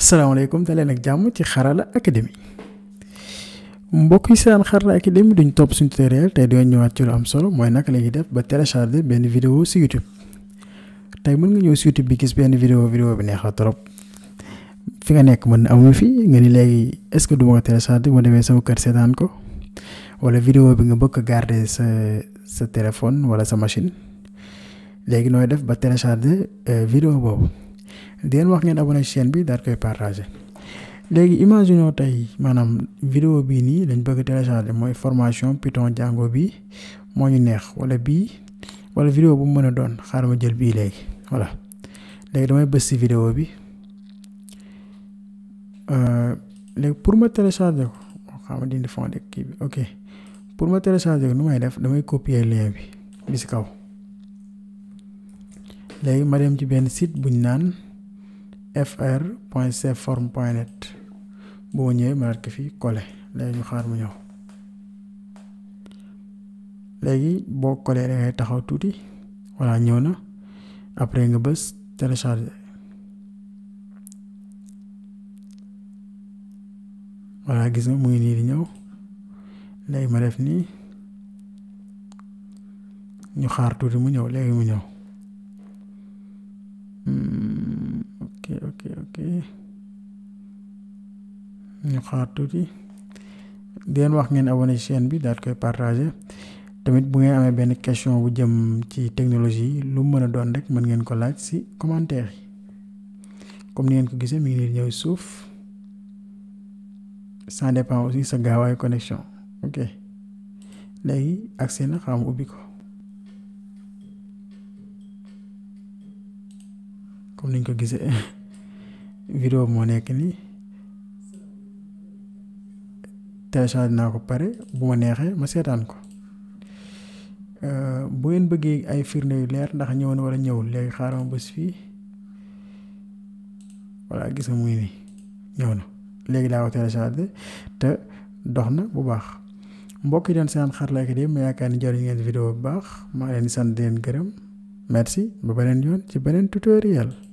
asalaamaaleykum daleen ak jàmm ci xarala académie mbokk yi seen xarala académie duñ topp suñu tutoriel tey doo ñëwaat ci lu am solo mooy naka la ñuy def ba télécharger benn vidéo si YouTube tey mën nga ñëw si YouTube bi gis benn vidéo vidéo bi neex la trop fi nga nekk mën na amuñu fi nga ni léegi est-ce que du ma ko télécharger ma demee sama kër seetaan ko wala vidéo bi nga bëgg a garder sa sa téléphone wala sa machine léegi nooy def ba télécharger vidéo boobu. di wax ngeen abonné chaîne bi daal koy partagé léegi imaginons tey maanaam vidéo bii nii lañ bëgg télécharger mooy formation Python Django bi moo ñu neex wala bii wala vidéo bu mu mën a doon xaaral ma jël bii léegi voilà léegi damay bës si vidéo bi euh, léegi pour ma télécharger ko oh, xam dindi fond de kii bi ok pour ma télécharger ko nu may def damay copier lien bi bi si kaw léegi ma dem ci benn sit buñ naan fr point cform point net bu ma ñëwee marque fi kole léegi ñu xaar mu ñëw léegi boo collé da taxaw tuuti voilà ñëw na après nga bës télécharger voilà gis nga mu ngi nii di ñëw léegi ma def nii ñu xaar tuuti mu ñëw léegi mu ñëw ñu xaar tuuti di wax ngeen abonné ci bi daal koy partager tamit bu ngeen amee benn question bu jëm ci technologie yi lu mën a doon rek mën ngeen ko laaj si commentaire yi comme ni ngeen ko gisee mi ngi leen ñëw suuf ça dépend aussi sa gaawaayu connexion ok léegi accès na xam ubbi ko comme ni ñu ko gisee vidéo moo nekk nii télécharge na ko pare bu ma neexee ma seetaan ko bu ngeen bëggee ay firnde yu leer ndax ñëw na wala ñëwul le xaaral ma bés fii Wala gis nga muy ni ñëw na léegi daa ko télécharge te dox na bu baax mbokk yi doon seen Xarala Academy ma yaakaar ni jariñ ngeen vidéo bu baax maa leen di sant di leen gërëm merci ba beneen yoon ci beneen tutoriel